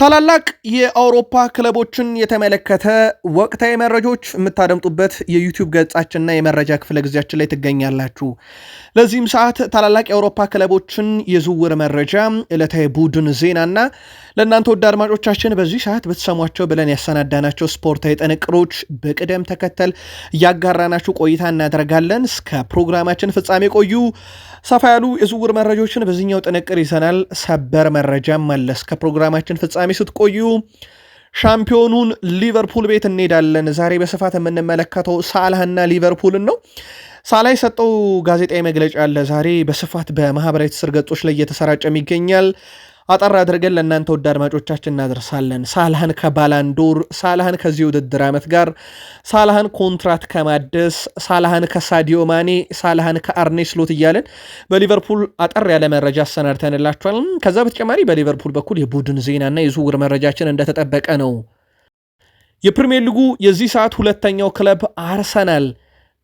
ታላላቅ የአውሮፓ ክለቦችን የተመለከተ ወቅታዊ መረጃዎች የምታደምጡበት የዩቲዩብ ገጻችንና የመረጃ ክፍለ ጊዜያችን ላይ ትገኛላችሁ። ለዚህም ሰዓት ታላላቅ የአውሮፓ ክለቦችን የዝውውር መረጃ፣ ዕለታዊ ቡድን ዜናና ለእናንተ ወደ አድማጮቻችን በዚህ ሰዓት ብትሰሟቸው ብለን ያሰናዳናቸው ስፖርታዊ ጥንቅሮች በቅደም ተከተል እያጋራናችሁ ቆይታ እናደርጋለን። እስከ ፕሮግራማችን ፍጻሜ ቆዩ። ሰፋ ያሉ የዝውውር መረጃዎችን በዚህኛው ጥንቅር ይዘናል። ሰበር መረጃ መለስ ከፕሮግራማችን ፍጻሜ ስትቆዩ ሻምፒዮኑን ሊቨርፑል ቤት እንሄዳለን። ዛሬ በስፋት የምንመለከተው ሳላህና ሊቨርፑልን ነው። ሳላ የሰጠው ጋዜጣዊ መግለጫ አለ ዛሬ በስፋት በማህበራዊ ትስስር ገጾች ላይ እየተሰራጨም ይገኛል። አጠር አድርገን ለእናንተ ወደ አድማጮቻችን እናደርሳለን። ሳላህን ከባላንዶር፣ ሳላህን ከዚህ ውድድር ዓመት ጋር፣ ሳላህን ኮንትራት ከማደስ፣ ሳላህን ከሳዲዮ ማኔ፣ ሳላህን ከአርኔ ስሎት እያለን በሊቨርፑል አጠር ያለ መረጃ አሰናድተንላችኋል። ከዛ በተጨማሪ በሊቨርፑል በኩል የቡድን ዜናና የዝውውር መረጃችን እንደተጠበቀ ነው። የፕሪምየር ሊጉ የዚህ ሰዓት ሁለተኛው ክለብ አርሰናል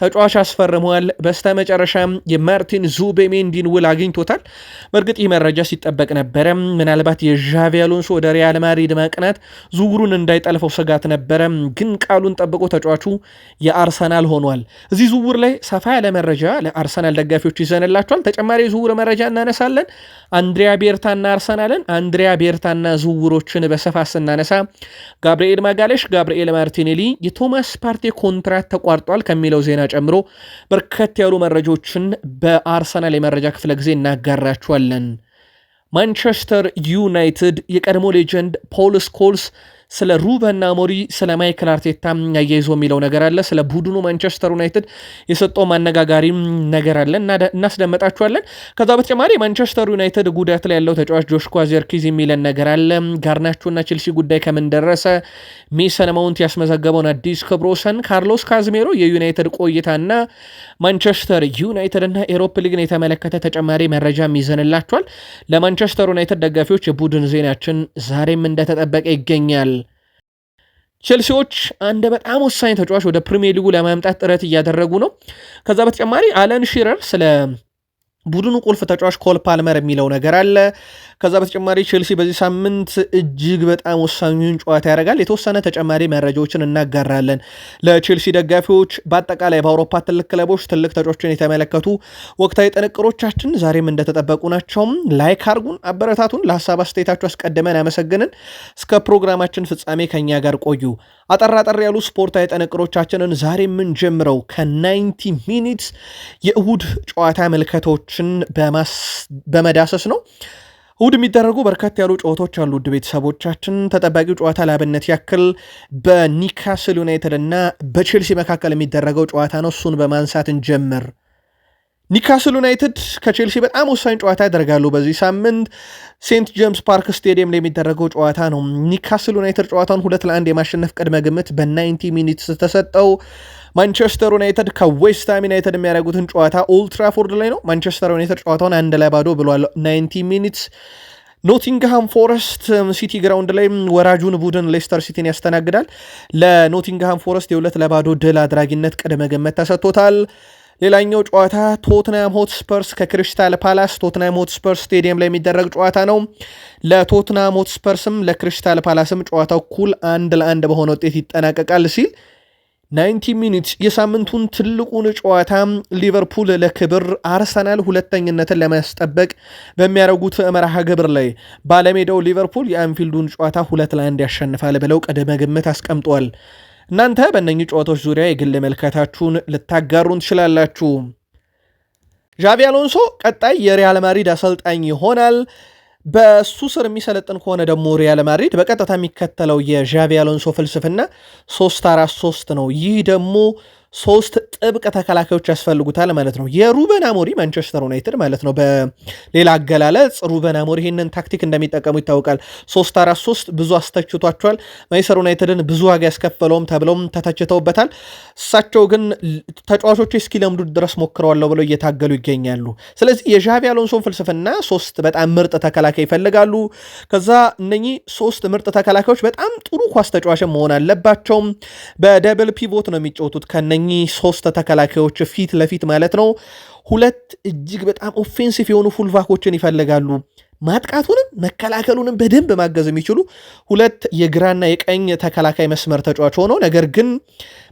ተጫዋች አስፈርመዋል። በስተመጨረሻም የማርቲን ዙቤሜንዲን ውል አግኝቶታል። በእርግጥ ይህ መረጃ ሲጠበቅ ነበረ። ምናልባት የዣቪ አሎንሶ ወደ ሪያል ማድሪድ ማቅናት ዝውውሩን እንዳይጠልፈው ስጋት ነበረ፣ ግን ቃሉን ጠብቆ ተጫዋቹ የአርሰናል ሆኗል። እዚህ ዝውውር ላይ ሰፋ ያለ መረጃ ለአርሰናል ደጋፊዎች ይዘንላቸዋል። ተጨማሪ የዝውውር መረጃ እናነሳለን። አንድሪያ ቤርታና አርሰናልን፣ አንድሪያ ቤርታና ዝውውሮችን በሰፋ ስናነሳ ጋብርኤል ማጋለሽ፣ ጋብርኤል ማርቲኔሊ የቶማስ ፓርቴ ኮንትራት ተቋርጧል ከሚለው ዜና ጨምሮ በርከት ያሉ መረጃዎችን በአርሰናል የመረጃ ክፍለ ጊዜ እናጋራችኋለን። ማንቸስተር ዩናይትድ የቀድሞ ሌጀንድ ፖል ስኮልስ ስለ ሩበን አሞሪ ስለ ማይክል አርቴታ አያይዞ የሚለው ነገር አለ። ስለ ቡድኑ ማንቸስተር ዩናይትድ የሰጠው ማነጋጋሪም ነገር አለ፣ እናስደመጣችኋለን። ከዛ በተጨማሪ ማንቸስተር ዩናይትድ ጉዳት ላይ ያለው ተጫዋች ጆሽኳ ዜርኪዝ የሚለን ነገር አለ። ጋርናቾና ቼልሲ ጉዳይ ከምን ደረሰ? ሜሰን ማውንት ያስመዘገበውን አዲስ ክብሮሰን፣ ካርሎስ ካዝሜሮ የዩናይትድ ቆይታና ማንቸስተር ዩናይትድ እና ኤሮፕ ሊግን የተመለከተ ተጨማሪ መረጃ ይዘንላችኋል። ለማንቸስተር ዩናይትድ ደጋፊዎች የቡድን ዜናችን ዛሬም እንደተጠበቀ ይገኛል። ቼልሲዎች አንድ በጣም ወሳኝ ተጫዋች ወደ ፕሪሚየር ሊጉ ለማምጣት ጥረት እያደረጉ ነው። ከዛ በተጨማሪ አለን ሺረር ስለ ቡድኑ ቁልፍ ተጫዋች ኮል ፓልመር የሚለው ነገር አለ። ከዛ በተጨማሪ ቼልሲ በዚህ ሳምንት እጅግ በጣም ወሳኙን ጨዋታ ያደርጋል። የተወሰነ ተጨማሪ መረጃዎችን እናጋራለን ለቼልሲ ደጋፊዎች። በአጠቃላይ በአውሮፓ ትልቅ ክለቦች ትልቅ ተጫዋችን የተመለከቱ ወቅታዊ ጥንቅሮቻችን ዛሬም እንደተጠበቁ ናቸውም። ላይክ አርጉን፣ አበረታቱን። ለሀሳብ አስተያየታችሁ አስቀድመን አመሰግንን። እስከ ፕሮግራማችን ፍጻሜ ከኛ ጋር ቆዩ። አጠራጠር ያሉ ስፖርታዊ ጥንቅሮቻችንን ዛሬ የምንጀምረው ከናይንቲ ሚኒትስ የእሁድ ጨዋታ መልከቶችን በመዳሰስ ነው። እሁድ የሚደረጉ በርከት ያሉ ጨዋታዎች አሉ። ውድ ቤተሰቦቻችን ተጠባቂው ጨዋታ ላብነት ያክል በኒካስል ዩናይትድ እና በቼልሲ መካከል የሚደረገው ጨዋታ ነው። እሱን በማንሳት እንጀምር። ኒካስል ዩናይትድ ከቼልሲ በጣም ወሳኝ ጨዋታ ያደርጋሉ። በዚህ ሳምንት ሴንት ጄምስ ፓርክ ስቴዲየም ላይ የሚደረገው ጨዋታ ነው። ኒካስል ዩናይትድ ጨዋታውን ሁለት ለአንድ የማሸነፍ ቅድመ ግምት በ90 ሚኒትስ ተሰጠው። ማንቸስተር ዩናይትድ ከዌስትሃም ዩናይትድ የሚያደርጉትን ጨዋታ ኦልትራፎርድ ላይ ነው። ማንቸስተር ዩናይትድ ጨዋታውን አንድ ላይ ባዶ ብሏል። 90 ሚኒትስ ኖቲንግሃም ፎረስት ሲቲ ግራውንድ ላይ ወራጁን ቡድን ሌስተር ሲቲን ያስተናግዳል። ለኖቲንግሃም ፎረስት የሁለት ለባዶ ድል አድራጊነት ቅድመ ግምት ተሰጥቶታል። ሌላኛው ጨዋታ ቶትናም ሆትስፐርስ ከክሪስታል ፓላስ ቶትናም ሆትስፐርስ ስቴዲየም ላይ የሚደረግ ጨዋታ ነው። ለቶትናም ሆትስፐርስም ለክሪስታል ፓላስም ጨዋታው እኩል አንድ ለአንድ በሆነ ውጤት ይጠናቀቃል ሲል 90 ሚኒትስ የሳምንቱን ትልቁን ጨዋታ ሊቨርፑል ለክብር አርሰናል ሁለተኝነትን ለማስጠበቅ በሚያደርጉት መርሃ ግብር ላይ ባለሜዳው ሊቨርፑል የአንፊልዱን ጨዋታ ሁለት ለአንድ ያሸንፋል ብለው ቅድመ ግምት አስቀምጧል። እናንተ በእነኚህ ጨዋታዎች ዙሪያ የግል መልከታችሁን ልታጋሩን ትችላላችሁ። ዣቪ አሎንሶ ቀጣይ የሪያል ማድሪድ አሰልጣኝ ይሆናል። በሱ ስር የሚሰለጥን ከሆነ ደግሞ ሪያል ማድሪድ በቀጥታ የሚከተለው የዣቪ አሎንሶ ፍልስፍና 3 4 3 ነው። ይህ ደግሞ ሶስት ጥብቅ ተከላካዮች ያስፈልጉታል ማለት ነው። የሩበን አሞሪ ማንቸስተር ዩናይትድ ማለት ነው። በሌላ አገላለጽ ሩበን አሞሪ ይህንን ታክቲክ እንደሚጠቀሙ ይታወቃል። ሶስት አራት ሶስት ብዙ አስተችቷቸዋል። ማንቸስተር ዩናይትድን ብዙ ዋጋ ያስከፈለውም ተብለውም ተተችተውበታል። እሳቸው ግን ተጫዋቾቹ እስኪለምዱ ድረስ ሞክረዋለሁ ብለው እየታገሉ ይገኛሉ። ስለዚህ የዣቪ አሎንሶን ፍልስፍና ሶስት በጣም ምርጥ ተከላካይ ይፈልጋሉ። ከዛ እነኚህ ሶስት ምርጥ ተከላካዮች በጣም ጥሩ ኳስ ተጫዋች መሆን አለባቸውም። በደብል ፒቮት ነው የሚጫወቱት ከነ ከእኚህ ሶስት ተከላካዮች ፊት ለፊት ማለት ነው ሁለት እጅግ በጣም ኦፌንሲቭ የሆኑ ፉልባኮችን ይፈልጋሉ። ማጥቃቱንም መከላከሉንም በደንብ ማገዝ የሚችሉ ሁለት የግራና የቀኝ ተከላካይ መስመር ተጫዋች ሆነው ነገር ግን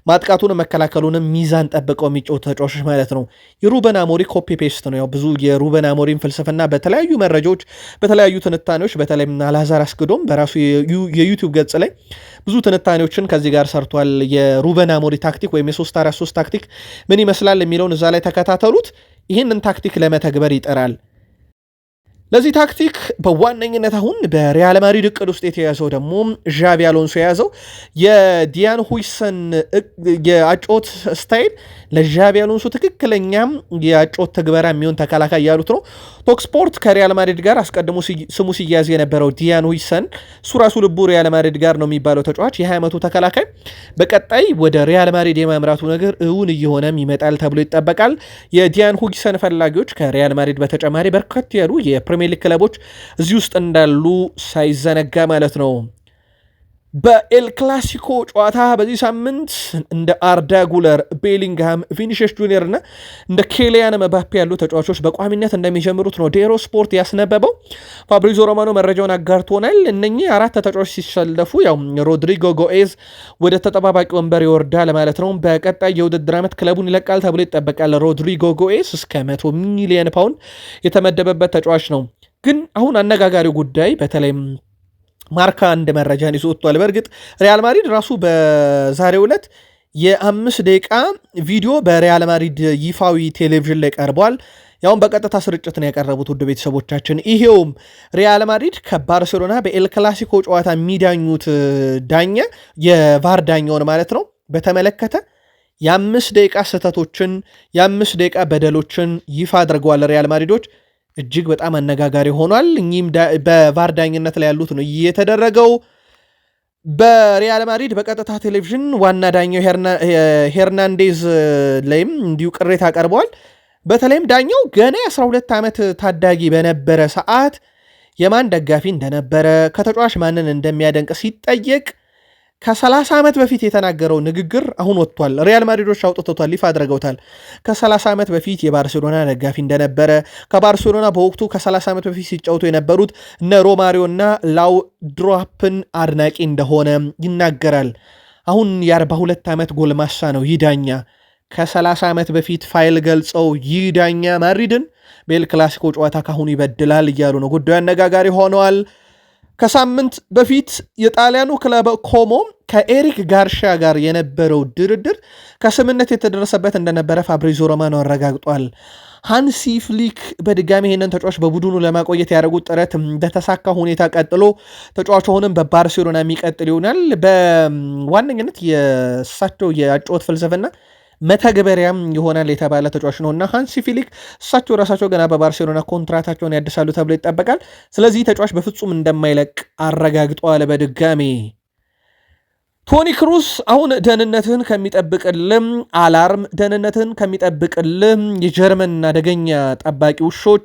ማጥቃቱን መከላከሉንም ሚዛን ጠብቀው የሚጫወቱ ተጫዋቾች ማለት ነው። የሩበን አሞሪ ኮፒ ፔስት ነው። ያው ብዙ የሩበን አሞሪን ፍልስፍና በተለያዩ መረጃዎች፣ በተለያዩ ትንታኔዎች በተለይ አላዛር አስግዶም በራሱ የዩቲዩብ ገጽ ላይ ብዙ ትንታኔዎችን ከዚህ ጋር ሰርቷል። የሩበን አሞሪ ታክቲክ ወይም የሶስት አራት ሶስት ታክቲክ ምን ይመስላል የሚለውን እዛ ላይ ተከታተሉት። ይህንን ታክቲክ ለመተግበር ይጠራል። ለዚህ ታክቲክ በዋነኝነት አሁን በሪያል ማድሪድ እቅድ ውስጥ የተያዘው ደግሞ ዣቢ አሎንሶ የያዘው የዲያን ሁይሰን የአጮት ስታይል ለዣቢ አሎንሶ ትክክለኛ የአጮት ትግበራ የሚሆን ተከላካይ ያሉት ነው። ቶክስፖርት ከሪያል ማድሪድ ጋር አስቀድሞ ስሙ ሲያዝ የነበረው ዲያን ሁይሰን እሱ ራሱ ልቡ ሪያል ማድሪድ ጋር ነው የሚባለው ተጫዋች የ20 ዓመቱ ተከላካይ በቀጣይ ወደ ሪያል ማድሪድ የማምራቱ ነገር እውን እየሆነም ይመጣል ተብሎ ይጠበቃል። የዲያን ሁይሰን ፈላጊዎች ከሪያል ማድሪድ በተጨማሪ በርከት ያሉ ፕሪሚየር ሊግ ክለቦች እዚህ ውስጥ እንዳሉ ሳይዘነጋ ማለት ነው። በኤል ክላሲኮ ጨዋታ በዚህ ሳምንት እንደ አርዳ ጉለር፣ ቤሊንግሃም፣ ቪኒሽስ ጁኒየር እና እንደ ኬሊያን መባፔ ያሉ ተጫዋቾች በቋሚነት እንደሚጀምሩት ነው ዴሮ ስፖርት ያስነበበው። ፋብሪዞ ሮማኖ መረጃውን አጋርቶናል። እነኚህ አራት ተጫዋቾች ሲሰለፉ ያው ሮድሪጎ ጎኤዝ ወደ ተጠባባቂ ወንበር ይወርዳል ማለት ነው። በቀጣይ የውድድር ዓመት ክለቡን ይለቃል ተብሎ ይጠበቃል። ሮድሪጎ ጎኤዝ እስከ መቶ ሚሊየን ፓውንድ የተመደበበት ተጫዋች ነው። ግን አሁን አነጋጋሪው ጉዳይ በተለይም ማርካ አንድ መረጃን ይዞ ወጥቷል። በእርግጥ ሪያል ማድሪድ ራሱ በዛሬው ዕለት የአምስት ደቂቃ ቪዲዮ በሪያል ማድሪድ ይፋዊ ቴሌቪዥን ላይ ቀርቧል። ያውም በቀጥታ ስርጭት ነው ያቀረቡት። ውድ ቤተሰቦቻችን ይሄውም ሪያል ማድሪድ ከባርሴሎና በኤልክላሲኮ ጨዋታ የሚዳኙት ዳኛ የቫር ዳኛውን ማለት ነው በተመለከተ የአምስት ደቂቃ ስህተቶችን የአምስት ደቂቃ በደሎችን ይፋ አድርገዋል ሪያል ማድሪዶች። እጅግ በጣም አነጋጋሪ ሆኗል። እኚህም በቫር ዳኝነት ላይ ያሉት ነው የተደረገው። በሪያል ማድሪድ በቀጥታ ቴሌቪዥን ዋና ዳኛው ሄርናንዴዝ ላይም እንዲሁ ቅሬታ ቀርበዋል። በተለይም ዳኛው ገና የ12 ዓመት ታዳጊ በነበረ ሰዓት የማን ደጋፊ እንደነበረ ከተጫዋች ማንን እንደሚያደንቅ ሲጠየቅ ከ30 ዓመት በፊት የተናገረው ንግግር አሁን ወጥቷል። ሪያል ማድሪዶች አውጥቶታል፣ ይፋ አድርገውታል። ከ30 ዓመት በፊት የባርሴሎና ደጋፊ እንደነበረ ከባርሴሎና በወቅቱ ከ30 ዓመት በፊት ሲጫወቱ የነበሩት እነ ሮማሪዮና ላውድሮፕን አድናቂ እንደሆነ ይናገራል። አሁን የ42 ዓመት ጎልማሳ ነው ይህ ዳኛ። ከ30 ዓመት በፊት ፋይል ገልጸው ይህ ዳኛ ማድሪድን በኤል ክላሲኮ ጨዋታ ካሁኑ ይበድላል እያሉ ነው። ጉዳዩ አነጋጋሪ ሆነዋል። ከሳምንት በፊት የጣሊያኑ ክለብ ኮሞ ከኤሪክ ጋርሻ ጋር የነበረው ድርድር ከስምነት የተደረሰበት እንደነበረ ፋብሪዞ ሮማኖ አረጋግጧል። ሃንሲ ፍሊክ በድጋሚ ይህንን ተጫዋች በቡድኑ ለማቆየት ያደረጉት ጥረት በተሳካ ሁኔታ ቀጥሎ ተጫዋቹንም በባርሴሎና የሚቀጥል ይሆናል። በዋነኝነት የእሳቸው የአጨዋወት ፍልስፍና መተግበሪያም ይሆናል የተባለ ተጫዋች ነው እና ሃንሲ ፊሊክ እሳቸው ራሳቸው ገና በባርሴሎና ኮንትራታቸውን ያድሳሉ ተብሎ ይጠበቃል። ስለዚህ ተጫዋች በፍጹም እንደማይለቅ አረጋግጠዋል። በድጋሚ ቶኒ ክሩስ አሁን ደህንነትህን ከሚጠብቅልም አላርም ደህንነትህን ከሚጠብቅልም የጀርመን አደገኛ ጠባቂ ውሾች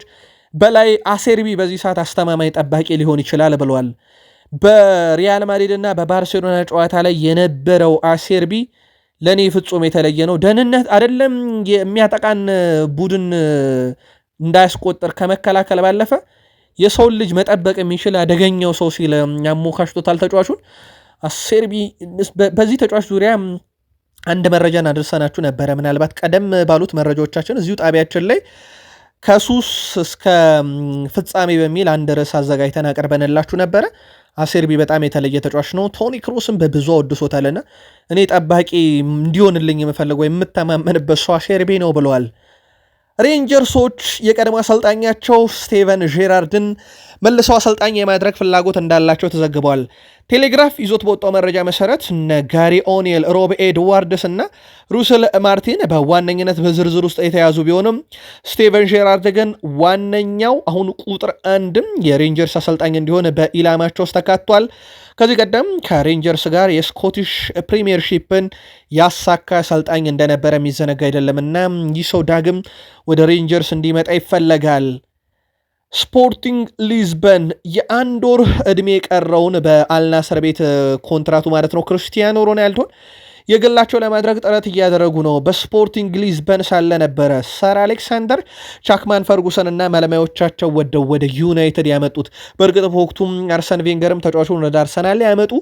በላይ አሴርቢ በዚህ ሰዓት አስተማማኝ ጠባቂ ሊሆን ይችላል ብሏል። በሪያል ማድሪድ እና በባርሴሎና ጨዋታ ላይ የነበረው አሴርቢ ለእኔ ፍጹም የተለየ ነው። ደህንነት አይደለም የሚያጠቃን ቡድን እንዳያስቆጥር ከመከላከል ባለፈ የሰውን ልጅ መጠበቅ የሚችል አደገኛው ሰው ሲል ያሞካሽቶታል ተጫዋቹን። አሴርቢ በዚህ ተጫዋች ዙሪያ አንድ መረጃን አድርሰናችሁ ነበረ። ምናልባት ቀደም ባሉት መረጃዎቻችን እዚሁ ጣቢያችን ላይ ከሱስ እስከ ፍጻሜ በሚል አንድ ርዕስ አዘጋጅተን አቅርበንላችሁ ነበረ። አሴርቢ በጣም የተለየ ተጫዋች ነው። ቶኒ ክሮስን በብዙ አወድሶታልና እኔ ጠባቂ እንዲሆንልኝ የምፈልገው የምተማመንበት ሰው አሴርቢ ነው ብለዋል። ሬንጀርሶች የቀድሞ አሰልጣኛቸው ስቴቨን ጄራርድን መልሰው አሰልጣኝ የማድረግ ፍላጎት እንዳላቸው ተዘግበዋል። ቴሌግራፍ ይዞት በወጣው መረጃ መሰረት እነ ጋሪ ኦኔል፣ ሮብ ኤድዋርድስ እና ሩስል ማርቲን በዋነኝነት በዝርዝር ውስጥ የተያዙ ቢሆንም ስቴቨን ጄራርድ ግን ዋነኛው አሁን ቁጥር አንድም የሬንጀርስ አሰልጣኝ እንዲሆን በኢላማቸው ውስጥ ተካቷል። ከዚህ ቀደም ከሬንጀርስ ጋር የስኮቲሽ ፕሪሚየርሺፕን ያሳካ አሰልጣኝ እንደነበረ የሚዘነጋ አይደለምና ይህ ሰው ዳግም ወደ ሬንጀርስ እንዲመጣ ይፈለጋል። ስፖርቲንግ ሊዝበን የአንድ ወር ዕድሜ የቀረውን በአልናሰር ቤት ኮንትራቱ ማለት ነው ክርስቲያኖ ሮናልዶን የግላቸው ለማድረግ ጥረት እያደረጉ ነው። በስፖርቲንግ ሊዝበን ሳለ ነበረ ሰር አሌክሳንደር ቻክማን ፈርጉሰን እና መለማዮቻቸው ወደው ወደ ዩናይትድ ያመጡት። በእርግጥ በወቅቱም አርሰን ቬንገርም ተጫዋቹን ወደ አርሰናል ያመጡ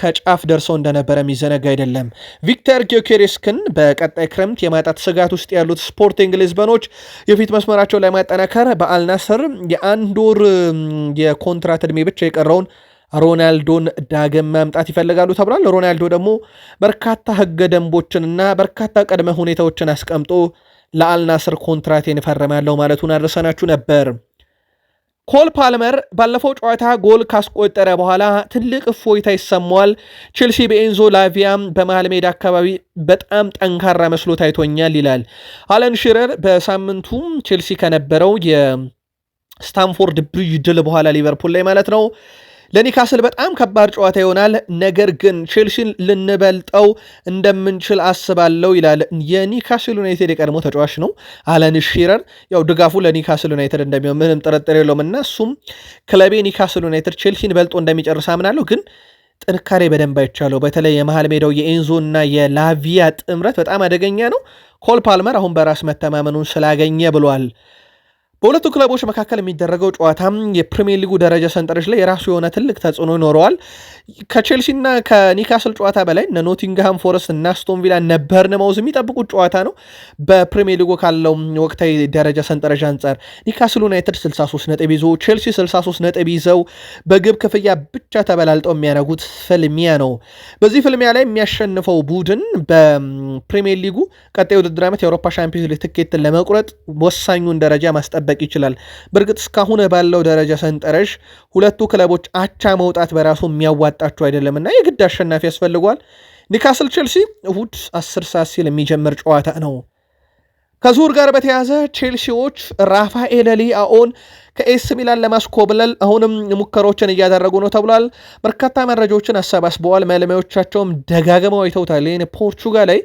ከጫፍ ደርሶ እንደነበረ የሚዘነጋ አይደለም። ቪክተር ጊዮኬሬስክን በቀጣይ ክረምት የማጣት ስጋት ውስጥ ያሉት ስፖርቲንግ ሊዝበኖች የፊት መስመራቸው ላይ ማጠናከር በአልናስር የአንድ ወር የኮንትራት ዕድሜ ብቻ የቀረውን ሮናልዶን ዳግም ማምጣት ይፈልጋሉ ተብሏል። ሮናልዶ ደግሞ በርካታ ሕገ ደንቦችንና በርካታ ቅድመ ሁኔታዎችን አስቀምጦ ለአልናስር ኮንትራቴን እፈርማለሁ ማለቱን አድርሰናችሁ ነበር። ኮል ፓልመር ባለፈው ጨዋታ ጎል ካስቆጠረ በኋላ ትልቅ እፎይታ ይሰማዋል። ቼልሲ በኤንዞ ላቪያ በመሃል ሜዳ አካባቢ በጣም ጠንካራ መስሎ ታይቶኛል ይላል አለን ሽረር። በሳምንቱም ቼልሲ ከነበረው የስታንፎርድ ብሪጅ ድል በኋላ ሊቨርፑል ላይ ማለት ነው ለኒካስል በጣም ከባድ ጨዋታ ይሆናል፣ ነገር ግን ቼልሲን ልንበልጠው እንደምንችል አስባለሁ ይላል የኒካስል ዩናይትድ የቀድሞ ተጫዋች ነው አለን ሺረር። ያው ድጋፉ ለኒካስል ዩናይትድ እንደሚሆን ምንም ጥርጥር የለውም እና እሱም ክለቤ ኒካስል ዩናይትድ ቼልሲን በልጦ እንደሚጨርስ አምናለሁ ግን ጥንካሬ በደንብ አይቻለሁ። በተለይ የመሃል ሜዳው የኤንዞ እና የላቪያ ጥምረት በጣም አደገኛ ነው። ኮል ፓልመር አሁን በራስ መተማመኑን ስላገኘ ብሏል በሁለቱ ክለቦች መካከል የሚደረገው ጨዋታም የፕሪሚየር ሊጉ ደረጃ ሰንጠረዥ ላይ የራሱ የሆነ ትልቅ ተጽዕኖ ይኖረዋል። ከቼልሲና ከኒካስል ጨዋታ በላይ እነ ኖቲንግሃም ፎረስት እና ስቶንቪላ ነበርን መውዝ የሚጠብቁት ጨዋታ ነው። በፕሪሚየር ሊጉ ካለው ወቅታዊ ደረጃ ሰንጠረዥ አንጻር ኒካስል ዩናይትድ 63 ነጥብ ይዞ ቼልሲ 63 ነጥብ ይዘው በግብ ክፍያ ብቻ ተበላልጠው የሚያደርጉት ፍልሚያ ነው። በዚህ ፍልሚያ ላይ የሚያሸንፈው ቡድን በፕሪሚየር ሊጉ ቀጣይ ውድድር ዓመት የአውሮፓ ሻምፒዮንስ ሊግ ትኬትን ለመቁረጥ ወሳኙን ደረጃ ማስጠበቅ ሊጠበቅ ይችላል። በእርግጥ እስካሁን ባለው ደረጃ ሰንጠረዥ ሁለቱ ክለቦች አቻ መውጣት በራሱ የሚያዋጣቸው አይደለም እና የግድ አሸናፊ ያስፈልገዋል። ኒካስል ቼልሲ እሁድ 10 ሰዓት ሲል የሚጀምር ጨዋታ ነው። ከዙር ጋር በተያዘ ቼልሲዎች ራፋኤል ሊአኦን ከኤስ ሚላን ለማስኮብለል አሁንም ሙከሮችን እያደረጉ ነው ተብሏል። በርካታ መረጃዎችን አሰባስበዋል። መለማዮቻቸውም ደጋግመው አይተውታል። ይህን ፖርቹጋ ላይ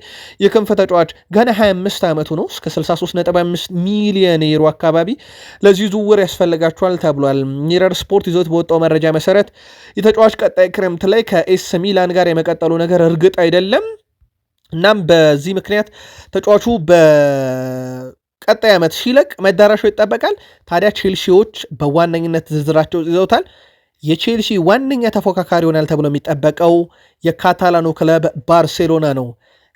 የክንፍ ተጫዋች ገና 25 ዓመቱ ነው። እስከ 63.5 ሚሊየን ዩሮ አካባቢ ለዚህ ዝውውር ያስፈልጋቸዋል ተብሏል። ሚረር ስፖርት ይዞት በወጣው መረጃ መሰረት የተጫዋች ቀጣይ ክረምት ላይ ከኤስ ሚላን ጋር የመቀጠሉ ነገር እርግጥ አይደለም። እናም በዚህ ምክንያት ተጫዋቹ በቀጣይ ዓመት ሲለቅ መዳረሻው ይጠበቃል። ታዲያ ቼልሲዎች በዋነኝነት ዝርዝራቸው ይዘውታል። የቼልሲ ዋነኛ ተፎካካሪ ይሆናል ተብሎ የሚጠበቀው የካታላኑ ክለብ ባርሴሎና ነው።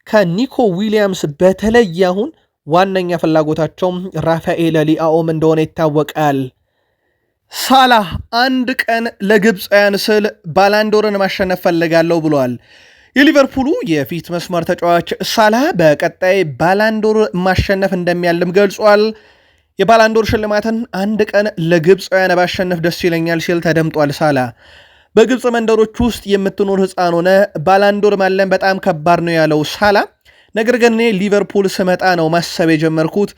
ከኒኮ ዊሊያምስ በተለይ አሁን ዋነኛ ፍላጎታቸውም ራፋኤል ሊአኦም እንደሆነ ይታወቃል። ሳላህ አንድ ቀን ለግብፃውያን ስል ባላንዶርን ማሸነፍ ፈልጋለሁ ብሏል። የሊቨርፑሉ የፊት መስመር ተጫዋች ሳላ በቀጣይ ባላንዶር ማሸነፍ እንደሚያልም ገልጿል። የባላንዶር ሽልማትን አንድ ቀን ለግብፃውያን ባሸነፍ ደስ ይለኛል ሲል ተደምጧል። ሳላ በግብፅ መንደሮች ውስጥ የምትኖር ሕፃን ሆነ ባላንዶር ማለም በጣም ከባድ ነው ያለው ሳላ ነገር ግን እኔ ሊቨርፑል ስመጣ ነው ማሰብ የጀመርኩት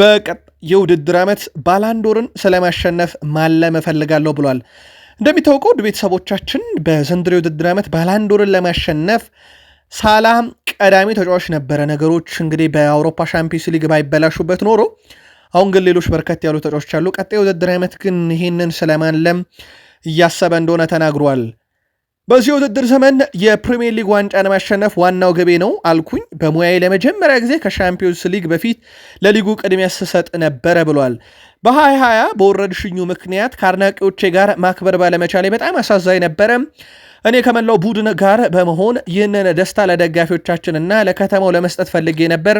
በቀጣይ የውድድር ዓመት ባላንዶርን ስለማሸነፍ ማለም እፈልጋለሁ ብሏል። እንደሚታወቀው ውድ ቤተሰቦቻችን በዘንድሮ የውድድር ዓመት ባላንድ ለማሸነፍ ሳላ ቀዳሚ ተጫዋች ነበረ። ነገሮች እንግዲህ በአውሮፓ ሻምፒዮንስ ሊግ ባይበላሹበት ኖሮ አሁን ግን ሌሎች በርከት ያሉ ተጫዋቾች አሉ። ቀጣይ ውድድር ዓመት ግን ይህንን ስለማለም እያሰበ እንደሆነ ተናግሯል። በዚህ የውድድር ዘመን የፕሪሚየር ሊግ ዋንጫ ለማሸነፍ ዋናው ግቤ ነው አልኩኝ። በሙያዬ ለመጀመሪያ ጊዜ ከሻምፒዮንስ ሊግ በፊት ለሊጉ ቅድሚያ ስሰጥ ነበረ ብሏል። በ2020 በወረርሽኙ ምክንያት ከአድናቂዎቼ ጋር ማክበር ባለመቻሌ በጣም አሳዛኝ ነበረ። እኔ ከመላው ቡድን ጋር በመሆን ይህንን ደስታ ለደጋፊዎቻችንና ለከተማው ለመስጠት ፈልጌ ነበር።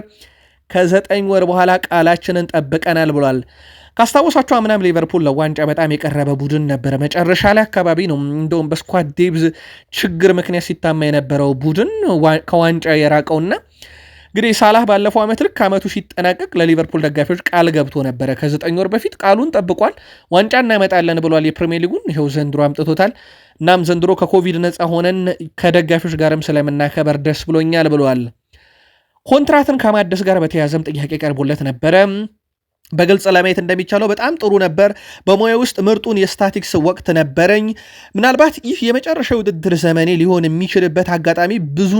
ከዘጠኝ ወር በኋላ ቃላችንን ጠብቀናል ብሏል። ካስታወሳችሁ አምናም ሊቨርፑል ለዋንጫ በጣም የቀረበ ቡድን ነበረ። መጨረሻ ላይ አካባቢ ነው እንደውም በስኳድ ዴብዝ ችግር ምክንያት ሲታማ የነበረው ቡድን ከዋንጫ የራቀውና እንግዲህ ሳላህ ባለፈው ዓመት ልክ ዓመቱ ሲጠናቀቅ ለሊቨርፑል ደጋፊዎች ቃል ገብቶ ነበረ። ከዘጠኝ ወር በፊት ቃሉን ጠብቋል። ዋንጫ እናመጣለን ብሏል። የፕሪሚየር ሊጉን ይኸው ዘንድሮ አምጥቶታል። እናም ዘንድሮ ከኮቪድ ነፃ ሆነን ከደጋፊዎች ጋርም ስለምናከበር ደስ ብሎኛል ብለዋል። ኮንትራትን ከማደስ ጋር በተያያዘም ጥያቄ ቀርቦለት ነበረ። በግልጽ ለማየት እንደሚቻለው በጣም ጥሩ ነበር። በሙያ ውስጥ ምርጡን የስታቲክስ ወቅት ነበረኝ። ምናልባት ይህ የመጨረሻ ውድድር ዘመኔ ሊሆን የሚችልበት አጋጣሚ ብዙ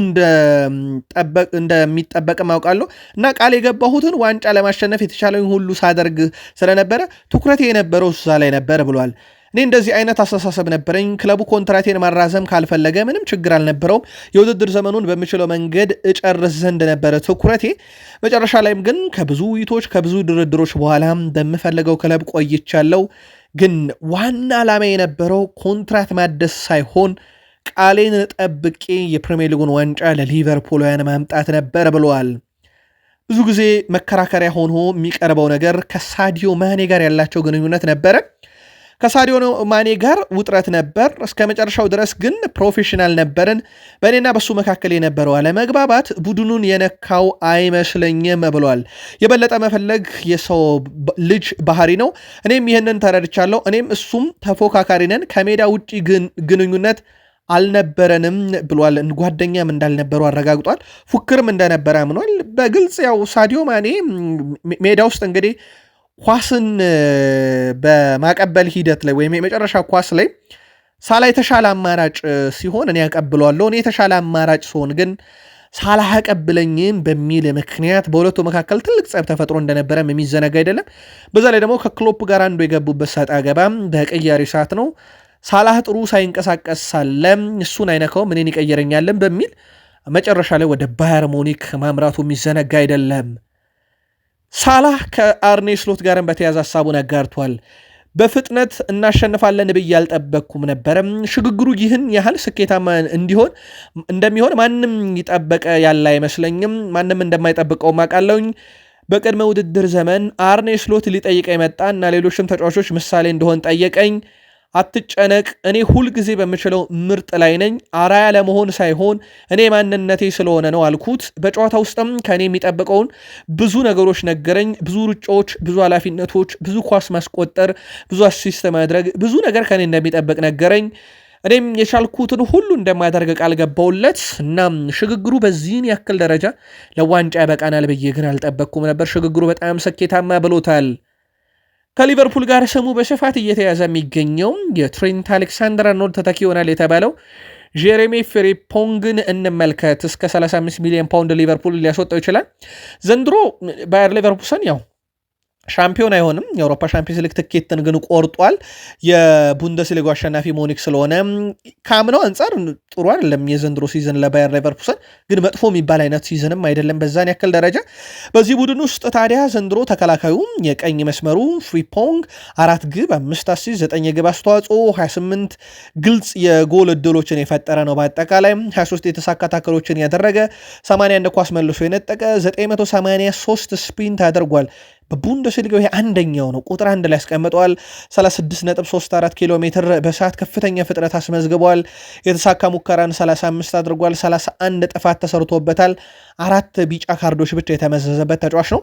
እንደሚጠበቅም አውቃለሁ እና ቃል የገባሁትን ዋንጫ ለማሸነፍ የተቻለኝ ሁሉ ሳደርግ ስለነበረ ትኩረቴ የነበረው እዛ ላይ ነበር ብሏል። እኔ እንደዚህ አይነት አስተሳሰብ ነበረኝ። ክለቡ ኮንትራቴን ማራዘም ካልፈለገ ምንም ችግር አልነበረውም። የውድድር ዘመኑን በምችለው መንገድ እጨርስ ዘንድ ነበረ ትኩረቴ። መጨረሻ ላይም ግን ከብዙ ውይይቶች ከብዙ ድርድሮች በኋላ በምፈልገው ክለብ ቆይቻለሁ። ግን ዋና ዓላማ የነበረው ኮንትራት ማደስ ሳይሆን ቃሌን ጠብቄ የፕሪሚየር ሊጉን ዋንጫ ለሊቨርፑላውያን ማምጣት ነበር ብለዋል። ብዙ ጊዜ መከራከሪያ ሆኖ የሚቀርበው ነገር ከሳዲዮ ማኔ ጋር ያላቸው ግንኙነት ነበረ። ከሳዲዮ ማኔ ጋር ውጥረት ነበር። እስከ መጨረሻው ድረስ ግን ፕሮፌሽናል ነበርን። በእኔና በሱ መካከል የነበረው አለመግባባት ቡድኑን የነካው አይመስለኝም ብሏል። የበለጠ መፈለግ የሰው ልጅ ባህሪ ነው። እኔም ይህንን ተረድቻለሁ። እኔም እሱም ተፎካካሪ ነን። ከሜዳ ውጭ ግንኙነት አልነበረንም ብሏል። ጓደኛም እንዳልነበሩ አረጋግጧል። ፉክርም እንደነበረ አምኗል። በግልጽ ያው ሳዲዮ ማኔ ሜዳ ውስጥ እንግዲህ ኳስን በማቀበል ሂደት ላይ ወይም የመጨረሻ ኳስ ላይ ሳላ የተሻለ አማራጭ ሲሆን እኔ ያቀብለዋለሁ፣ እኔ የተሻለ አማራጭ ሲሆን ግን ሳላ አቀብለኝም በሚል ምክንያት በሁለቱ መካከል ትልቅ ጸብ ተፈጥሮ እንደነበረም የሚዘነጋ አይደለም። በዛ ላይ ደግሞ ከክሎፕ ጋር አንዱ የገቡበት ሰጥ አገባም በቀያሪ ሰዓት ነው። ሳላህ ጥሩ ሳይንቀሳቀስ ሳለም እሱን አይነካውም ምንን ይቀየረኛለን በሚል መጨረሻ ላይ ወደ ባየር ሙኒክ ማምራቱ የሚዘነጋ አይደለም። ሳላህ ከአርኔ ስሎት ጋርም በተያያዘ ሀሳቡን አጋርቷል። በፍጥነት እናሸንፋለን ብዬ አልጠበቅኩም ነበረ። ሽግግሩ ይህን ያህል ስኬታማ እንዲሆን እንደሚሆን ማንም ይጠበቀ ያለ አይመስለኝም። ማንም እንደማይጠብቀው አውቃለሁኝ። በቅድመ ውድድር ዘመን አርኔ ስሎት ሊጠይቀኝ መጣ እና ሌሎችም ተጫዋቾች ምሳሌ እንደሆን ጠየቀኝ። አትጨነቅ፣ እኔ ሁልጊዜ በምችለው ምርጥ ላይ ነኝ። አራያ ለመሆን ሳይሆን እኔ ማንነቴ ስለሆነ ነው አልኩት። በጨዋታ ውስጥም ከእኔ የሚጠብቀውን ብዙ ነገሮች ነገረኝ። ብዙ ሩጫዎች፣ ብዙ ኃላፊነቶች፣ ብዙ ኳስ ማስቆጠር፣ ብዙ አሲስት ማድረግ፣ ብዙ ነገር ከእኔ እንደሚጠብቅ ነገረኝ። እኔም የቻልኩትን ሁሉ እንደማያደርግ ቃል ገባውለት። እናም ሽግግሩ በዚህን ያክል ደረጃ ለዋንጫ ያበቃናል ብዬ ግን አልጠበቅኩም ነበር። ሽግግሩ በጣም ስኬታማ ብሎታል። ከሊቨርፑል ጋር ስሙ በስፋት እየተያዘ የሚገኘው የትሬንት አሌክሳንደር አርኖልድ ተተኪ ይሆናል የተባለው ጄሬሚ ፍሪፖንግን እንመልከት። እስከ 35 ሚሊዮን ፓውንድ ሊቨርፑል ሊያስወጣው ይችላል። ዘንድሮ ባየር ሌቨርኩሰን ያው ሻምፒዮን አይሆንም። የአውሮፓ ሻምፒዮንስ ሊግ ትኬትን ግን ቆርጧል። የቡንደስ ሊጉ አሸናፊ ሞኒክ ስለሆነ ከአምናው አንጻር ጥሩ አይደለም የዘንድሮ ሲዝን ለባየር ሌቨርኩሰን፣ ግን መጥፎ የሚባል አይነት ሲዝንም አይደለም በዛን ያክል ደረጃ። በዚህ ቡድን ውስጥ ታዲያ ዘንድሮ ተከላካዩ የቀኝ መስመሩ ፍሪፖንግ አራት ግብ፣ አምስት አሲስ፣ ዘጠኝ የግብ አስተዋጽኦ፣ 28 ግልጽ የጎል እድሎችን የፈጠረ ነው። በአጠቃላይ 23 የተሳካ ታክሎችን ያደረገ 81 ኳስ መልሶ የነጠቀ 983 ስፕሪንት አድርጓል። በቡንደስሊጋው ይሄ አንደኛው ነው። ቁጥር አንድ ላይ ያስቀምጠዋል። 36.34 ኪሎ ሜትር በሰዓት ከፍተኛ ፍጥነት አስመዝግቧል። የተሳካ ሙከራን 35 አድርጓል። 31 ጥፋት ተሰርቶበታል። አራት ቢጫ ካርዶች ብቻ የተመዘዘበት ተጫዋች ነው።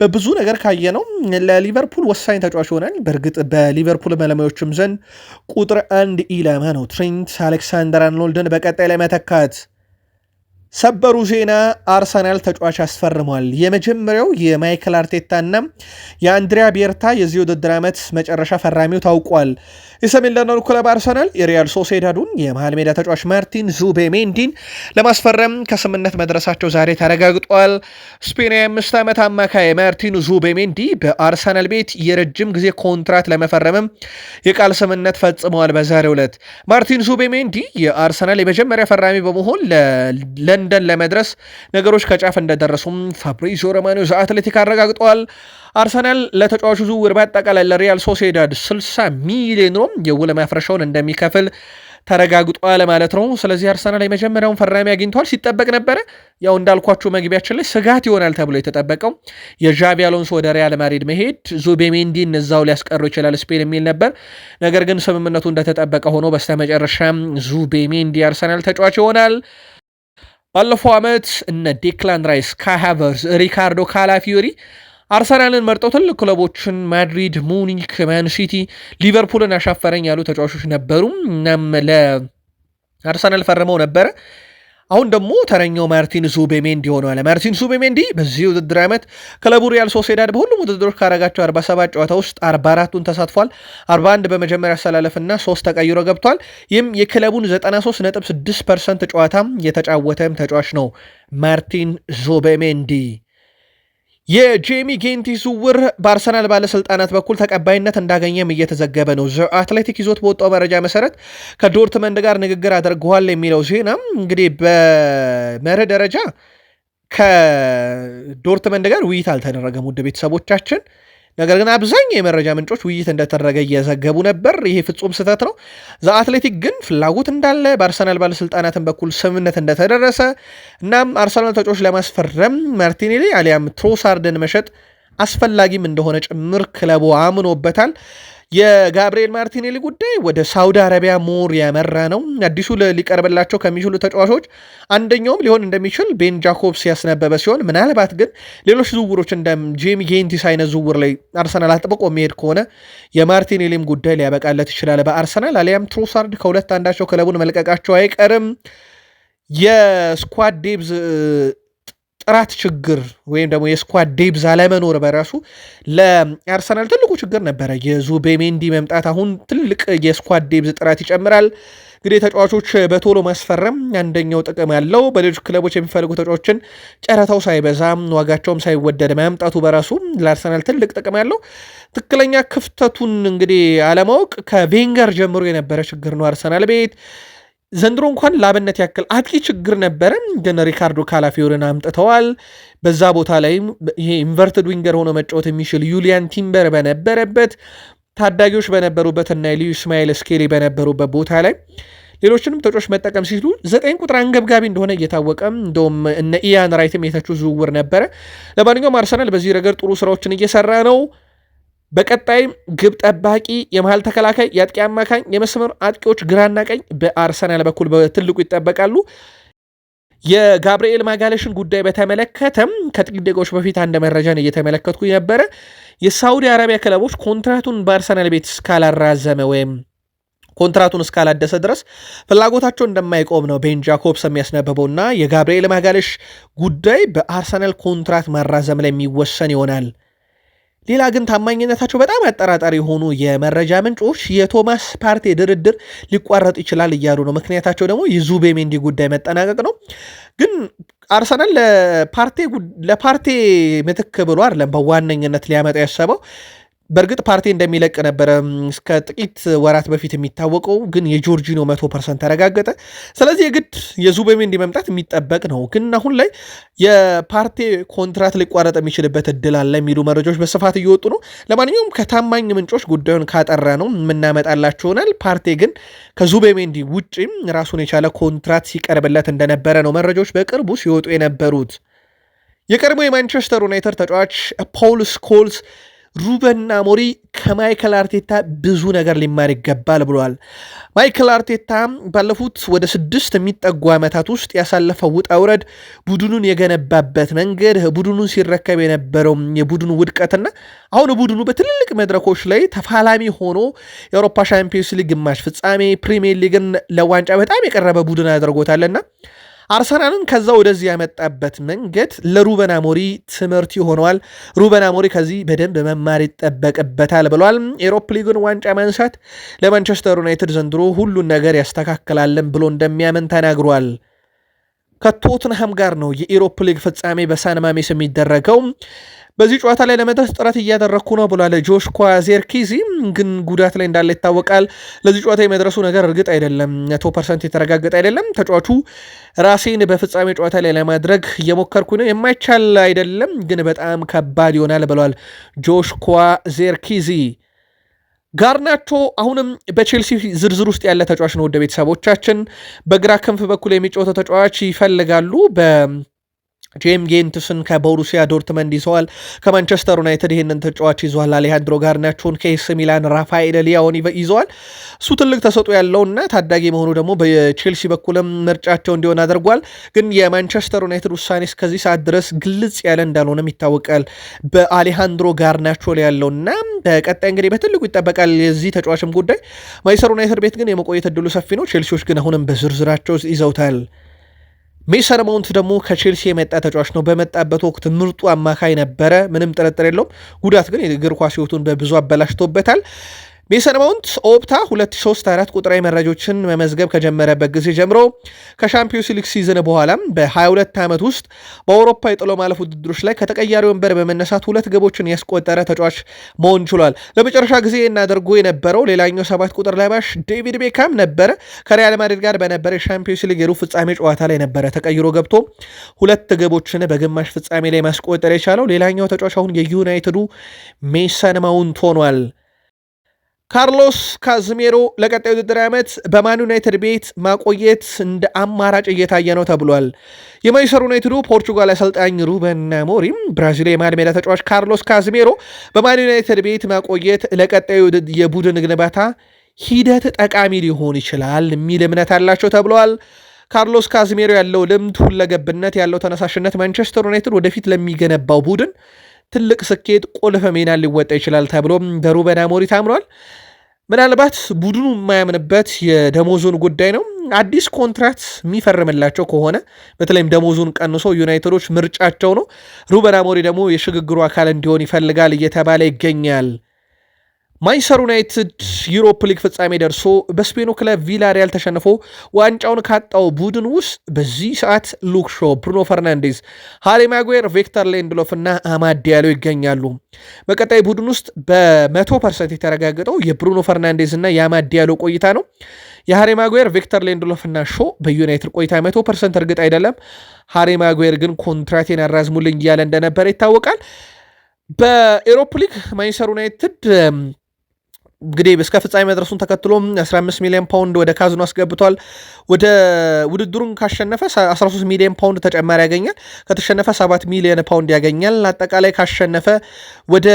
በብዙ ነገር ካየ ነው ለሊቨርፑል ወሳኝ ተጫዋች ይሆናል። በእርግጥ በሊቨርፑል መለማዮችም ዘንድ ቁጥር አንድ ኢላማ ነው። ትሬንት አሌክሳንደር አርኖልድን በቀጣይ ላይ መተካት ሰበሩ ዜና አርሰናል ተጫዋች አስፈርሟል። የመጀመሪያው የማይክል አርቴታና የአንድሪያ ቤርታ የዚህ ውድድር ዓመት መጨረሻ ፈራሚው ታውቋል። የሰሜን ለንደኑ ክለብ አርሰናል የሪያል ሶሴዳዱን የመሃል ሜዳ ተጫዋች ማርቲን ዙቤሜንዲን ለማስፈረም ከስምነት መድረሳቸው ዛሬ ተረጋግጧል። ስፔን የአምስት ዓመት አማካይ ማርቲን ዙቤሜንዲ በአርሰናል ቤት የረጅም ጊዜ ኮንትራት ለመፈረምም የቃል ስምነት ፈጽመዋል። በዛሬው ዕለት ማርቲን ዙቤሜንዲ የአርሰናል የመጀመሪያ ፈራሚ በመሆን ለንደን ለመድረስ ነገሮች ከጫፍ እንደደረሱም ፋብሪዚዮ ሮማኖ ዘአትሌቲክ አረጋግጠዋል። አርሰናል ለተጫዋቹ ዝውውር በአጠቃላይ ለሪያል ሶሴዳድ 60 ሚሊዮን ሮም የውል ማፍረሻውን እንደሚከፍል ተረጋግጧል ማለት ነው። ስለዚህ አርሰናል የመጀመሪያውን ፈራሚ አግኝተዋል። ሲጠበቅ ነበረ ያው እንዳልኳችሁ መግቢያችን ላይ ስጋት ይሆናል ተብሎ የተጠበቀው የዣቪ አሎንሶ ወደ ሪያል ማድሪድ መሄድ ዙቤሜንዲ እነዛው ሊያስቀሩ ይችላል ስፔን የሚል ነበር። ነገር ግን ስምምነቱ እንደተጠበቀ ሆኖ በስተመጨረሻም ዙቤሜንዲ አርሰናል ተጫዋች ይሆናል። ባለፈው ዓመት እነ ዴክላን ራይስ፣ ካይ ሃቨርዝ፣ ሪካርዶ ካላፊዮሪ አርሰናልን መርጠው ትልቅ ክለቦችን ማድሪድ፣ ሙኒክ፣ ማንሲቲ፣ ሊቨርፑልን አሻፈረኝ ያሉ ተጫዋቾች ነበሩም። እናም ለአርሰናል ፈርመው ነበረ። አሁን ደግሞ ተረኛው ማርቲን ዙቤሜንዲ ሆኗል። ማርቲን ዙቤሜንዲ በዚህ ውድድር ዓመት ክለቡ ሪያል ሶሴዳድ በሁሉም ውድድሮች ካረጋቸው 47 ጨዋታ ውስጥ 44ቱን ተሳትፏል፣ 41 በመጀመሪያ አሰላለፍና 3 ተቀይሮ ገብቷል። ይህም የክለቡን 93.6 ፐርሰንት ጨዋታ የተጫወተም ተጫዋች ነው ማርቲን ዙቤሜንዲ። የጄሚ ጌንቲ ዝውውር በአርሰናል ባለስልጣናት በኩል ተቀባይነት እንዳገኘም እየተዘገበ ነው። አትሌቲክ ይዞት በወጣው መረጃ መሰረት ከዶርትመንድ ጋር ንግግር አድርገዋል የሚለው ዜና እንግዲህ በመርህ ደረጃ ከዶርትመንድ ጋር ውይይት አልተደረገም። ውድ ቤተሰቦቻችን ነገር ግን አብዛኛው የመረጃ ምንጮች ውይይት እንደተደረገ እየዘገቡ ነበር። ይሄ ፍጹም ስህተት ነው። ዘአትሌቲክ ግን ፍላጎት እንዳለ በአርሰናል ባለስልጣናትን በኩል ስምምነት እንደተደረሰ እናም አርሰናል ተጫዋች ለማስፈረም ማርቲኔሊ አሊያም ትሮሳርድን መሸጥ አስፈላጊም እንደሆነ ጭምር ክለቡ አምኖበታል። የጋብርኤል ማርቲኔሊ ጉዳይ ወደ ሳውዲ አረቢያ ሞር ያመራ ነው። አዲሱ ሊቀርብላቸው ከሚችሉ ተጫዋቾች አንደኛውም ሊሆን እንደሚችል ቤን ጃኮብስ ያስነበበ ሲሆን ምናልባት ግን ሌሎች ዝውውሮች እንደ ጄሚ ጌንቲስ አይነት ዝውውር ላይ አርሰናል አጥብቆ የሚሄድ ከሆነ የማርቲኔሊም ጉዳይ ሊያበቃለት ይችላል በአርሰናል አሊያም ትሮሳርድ ከሁለት አንዳቸው ክለቡን መልቀቃቸው አይቀርም። የስኳድ ዴብዝ ጥራት ችግር ወይም ደግሞ የስኳድ ዴብዝ አለመኖር በራሱ ለአርሰናል ትልቁ ችግር ነበረ። የዙቤሜንዲ መምጣት አሁን ትልቅ የስኳድ ዴብዝ ጥራት ይጨምራል። እንግዲህ ተጫዋቾች በቶሎ ማስፈረም አንደኛው ጥቅም ያለው በሌሎች ክለቦች የሚፈልጉ ተጫዋቾችን ጨረታው ሳይበዛ ዋጋቸውም ሳይወደድ መምጣቱ በራሱ ለአርሰናል ትልቅ ጥቅም ያለው። ትክክለኛ ክፍተቱን እንግዲህ አለማወቅ ከቬንገር ጀምሮ የነበረ ችግር ነው አርሰናል ቤት ዘንድሮ እንኳን ላብነት ያክል አጥቂ ችግር ነበረን፣ ግን ሪካርዶ ካላፊዮርን አምጥተዋል። በዛ ቦታ ላይም ይሄ ኢንቨርትድ ዊንገር ሆኖ መጫወት የሚችል ዩሊያን ቲምበር በነበረበት ታዳጊዎች በነበሩበትና ልዩ እስማኤል ስኬሊ በነበሩበት ቦታ ላይ ሌሎችንም ተጫዋቾች መጠቀም ሲሉ ዘጠኝ ቁጥር አንገብጋቢ እንደሆነ እየታወቀ እንደውም እነ ኢያን ራይትም የተቹ ዝውውር ነበረ። ለማንኛውም አርሰናል በዚህ ረገድ ጥሩ ስራዎችን እየሰራ ነው። በቀጣይም ግብ ጠባቂ፣ የመሃል ተከላካይ፣ የአጥቂ አማካኝ፣ የመስመር አጥቂዎች ግራና ቀኝ በአርሰናል በኩል በትልቁ ይጠበቃሉ። የጋብርኤል ማጋለሽን ጉዳይ በተመለከተም ከጥቂት ደቂቃዎች በፊት አንድ መረጃን እየተመለከትኩ ነበረ። የሳውዲ አረቢያ ክለቦች ኮንትራቱን በአርሰናል ቤት እስካላራዘመ ወይም ኮንትራቱን እስካላደሰ ድረስ ፍላጎታቸው እንደማይቆም ነው ቤን ጃኮብስ የሚያስነብበውና የጋብርኤል ማጋለሽ ጉዳይ በአርሰናል ኮንትራት ማራዘም ላይ የሚወሰን ይሆናል ሌላ ግን ታማኝነታቸው በጣም አጠራጣሪ የሆኑ የመረጃ ምንጮች የቶማስ ፓርቴ ድርድር ሊቋረጥ ይችላል እያሉ ነው። ምክንያታቸው ደግሞ የዙቤሜንዲ ጉዳይ መጠናቀቅ ነው። ግን አርሰናል ለፓርቴ ምትክ ብሎ አይደለም በዋነኝነት ሊያመጣ ያሰበው በእርግጥ ፓርቲ እንደሚለቅ ነበረ እስከ ጥቂት ወራት በፊት የሚታወቀው፣ ግን የጆርጂኖ መቶ ፐርሰንት ተረጋገጠ። ስለዚህ የግድ የዙቤሜንዲ መምጣት የሚጠበቅ ነው። ግን አሁን ላይ የፓርቲ ኮንትራት ሊቋረጥ የሚችልበት እድል አለ የሚሉ መረጃዎች በስፋት እየወጡ ነው። ለማንኛውም ከታማኝ ምንጮች ጉዳዩን ካጠራ ነው የምናመጣላቸው ይሆናል። ፓርቲ ግን ከዙቤሜንዲ ውጪ ራሱን የቻለ ኮንትራት ሲቀርብለት እንደነበረ ነው መረጃዎች በቅርቡ ሲወጡ የነበሩት። የቀድሞ የማንቸስተር ዩናይትድ ተጫዋች ፖል ስኮልስ ሩበን አሞሪ ከማይከል አርቴታ ብዙ ነገር ሊማር ይገባል ብሏል። ማይከል አርቴታ ባለፉት ወደ ስድስት የሚጠጉ ዓመታት ውስጥ ያሳለፈው ውጣ ውረድ፣ ቡድኑን የገነባበት መንገድ፣ ቡድኑን ሲረከብ የነበረው የቡድኑ ውድቀትና አሁን ቡድኑ በትልልቅ መድረኮች ላይ ተፋላሚ ሆኖ የአውሮፓ ሻምፒዮንስ ሊግ ግማሽ ፍጻሜ፣ ፕሪሚየር ሊግን ለዋንጫ በጣም የቀረበ ቡድን አድርጎታልና አርሰናልን ከዛ ወደዚህ ያመጣበት መንገድ ለሩበን አሞሪ ትምህርት ይሆነዋል። ሩበን አሞሪ ከዚህ በደንብ መማር ይጠበቅበታል ብሏል። ኤሮፕ ሊግን ዋንጫ ማንሳት ለማንቸስተር ዩናይትድ ዘንድሮ ሁሉን ነገር ያስተካክላለን ብሎ እንደሚያምን ተናግሯል። ከቶትንሃም ጋር ነው የኢሮፕ ሊግ ፍጻሜ በሳንማሜስ የሚደረገው። በዚህ ጨዋታ ላይ ለመድረስ ጥረት እያደረግኩ ነው ብሏል ጆሽኳ ዜርኪዚ፣ ግን ጉዳት ላይ እንዳለ ይታወቃል። ለዚህ ጨዋታ የመድረሱ ነገር እርግጥ አይደለም፣ መቶ ፐርሰንት የተረጋገጠ አይደለም። ተጫዋቹ ራሴን በፍጻሜ ጨዋታ ላይ ለማድረግ እየሞከርኩ ነው፣ የማይቻል አይደለም፣ ግን በጣም ከባድ ይሆናል ብሏል ጆሽኳ ዜርኪዚ። ጋርናቾ አሁንም በቼልሲ ዝርዝር ውስጥ ያለ ተጫዋች ነው። ወደ ቤተሰቦቻችን በግራ ክንፍ በኩል የሚጫወተው ተጫዋች ይፈልጋሉ። ጄም ጌንትስን ከቦሩሲያ ዶርትመንድ ይዘዋል። ከማንቸስተር ዩናይትድ ይህንን ተጫዋች ይዟል። አሌሃንድሮ ጋርናቾን ከኤስ ሚላን ራፋኤል ሊያውን ይዘዋል። እሱ ትልቅ ተሰጦ እና ታዳጊ መሆኑ ደግሞ በቼልሲ በኩልም ምርጫቸው እንዲሆን አድርጓል። ግን የማንቸስተር ዩናይትድ ውሳኔ እስከዚህ ሰዓት ድረስ ግልጽ ያለ እንዳልሆነም ይታወቃል። በአሌሃንድሮ ጋርናቾ ላይ እና በቀጣይ እንግዲህ በትልቁ ይጠበቃል የዚህ ተጫዋችም ጉዳይ። ማንቸስተር ዩናይትድ ቤት ግን የመቆየት እድሉ ሰፊ ነው። ቼልሲዎች ግን አሁንም በዝርዝራቸው ይዘውታል። ሜሰር ማውንት ደግሞ ከቼልሲ የመጣ ተጫዋች ነው። በመጣበት ወቅት ምርጡ አማካይ ነበረ፣ ምንም ጥርጥር የለውም። ጉዳት ግን የእግር ኳስ ህይወቱን በብዙ አበላሽቶበታል። ሜሰን ማውንት ኦፕታ 2324 ቁጥራዊ መረጃዎችን መመዝገብ ከጀመረበት ጊዜ ጀምሮ ከሻምፒዮንስ ሊግ ሲዝን በኋላም በ22 ዓመት ውስጥ በአውሮፓ የጥሎ ማለፍ ውድድሮች ላይ ከተቀያሪ ወንበር በመነሳት ሁለት ግቦችን ያስቆጠረ ተጫዋች መሆን ችሏል። ለመጨረሻ ጊዜ እናደርጎ የነበረው ሌላኛው ሰባት ቁጥር ለባሽ ዴቪድ ቤካም ነበረ። ከሪያል ማድሪድ ጋር በነበረ የሻምፒዮንስ ሊግ የሩብ ፍጻሜ ጨዋታ ላይ ነበረ ተቀይሮ ገብቶ ሁለት ግቦችን በግማሽ ፍጻሜ ላይ ማስቆጠር የቻለው። ሌላኛው ተጫዋች አሁን የዩናይትዱ ሜሰን ማውንት ሆኗል። ካርሎስ ካዝሜሮ ለቀጣይ ውድድር ዓመት በማን ዩናይትድ ቤት ማቆየት እንደ አማራጭ እየታየ ነው ተብሏል። የማንቸስተር ዩናይትዱ ፖርቹጋል አሰልጣኝ ሩበን አሞሪም ብራዚል የመሃል ሜዳ ተጫዋች ካርሎስ ካዝሜሮ በማን ዩናይትድ ቤት ማቆየት ለቀጣዩ የቡድን ግንባታ ሂደት ጠቃሚ ሊሆን ይችላል የሚል እምነት አላቸው ተብለዋል። ካርሎስ ካዝሜሮ ያለው ልምድ፣ ሁለገብነት ያለው ተነሳሽነት ማንቸስተር ዩናይትድ ወደፊት ለሚገነባው ቡድን ትልቅ ስኬት ቁልፍ ሚና ሊወጣ ይችላል ተብሎ በሩበን አሞሪ ታምኗል። ምናልባት ቡድኑ የማያምንበት የደሞዙን ጉዳይ ነው። አዲስ ኮንትራት የሚፈርምላቸው ከሆነ በተለይም ደሞዙን ቀንሶ ዩናይትዶች ምርጫቸው ነው። ሩበን አሞሪ ደግሞ የሽግግሩ አካል እንዲሆን ይፈልጋል እየተባለ ይገኛል። ማንቸስተር ዩናይትድ ዩሮፕ ሊግ ፍጻሜ ደርሶ በስፔኑ ክለብ ቪላሪያል ተሸንፎ ዋንጫውን ካጣው ቡድን ውስጥ በዚህ ሰዓት ሉክሾ፣ ብሩኖ ፈርናንዴዝ፣ ሃሪ ማጉዌር፣ ቪክተር ሌንድሎፍ እና አማድ ዲያሎ ይገኛሉ። በቀጣይ ቡድን ውስጥ በመቶ ፐርሰንት የተረጋገጠው የብሩኖ ፈርናንዴዝ እና የአማድ ዲያሎ ቆይታ ነው። የሃሪ ማጉዌር፣ ቪክተር ሌንድሎፍ እና ሾ በዩናይትድ ቆይታ መቶ ፐርሰንት እርግጥ አይደለም። ሃሪ ማጉዌር ግን ኮንትራቴን አራዝሙልኝ እያለ እንደነበረ ይታወቃል። በኤሮፕ ሊግ ማንቸስተር ዩናይትድ እንግዲህ እስከ ፍጻሜ መድረሱን ተከትሎ 15 ሚሊዮን ፓውንድ ወደ ካዝኖ አስገብቷል። ወደ ውድድሩን ካሸነፈ 13 ሚሊዮን ፓውንድ ተጨማሪ ያገኛል። ከተሸነፈ 7 ሚሊዮን ፓውንድ ያገኛል። አጠቃላይ ካሸነፈ ወደ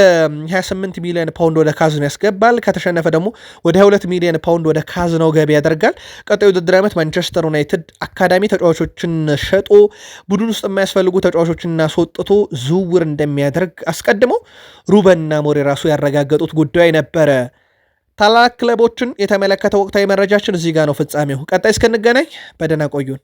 28 ሚሊዮን ፓውንድ ወደ ካዝኖ ያስገባል። ከተሸነፈ ደግሞ ወደ 22 ሚሊዮን ፓውንድ ወደ ካዝኖ ገቢ ያደርጋል። ቀጣይ ውድድር ዓመት ማንቸስተር ዩናይትድ አካዳሚ ተጫዋቾችን ሸጦ ቡድን ውስጥ የማያስፈልጉ ተጫዋቾችን አስወጥቶ ዝውውር እንደሚያደርግ አስቀድመው ሩበንና ሞሬ ራሱ ያረጋገጡት ጉዳይ ነበረ። ታላላቅ ክለቦችን የተመለከተ ወቅታዊ መረጃችን እዚህ ጋር ነው ፍጻሜው። ቀጣይ እስክንገናኝ በደህና ቆዩን።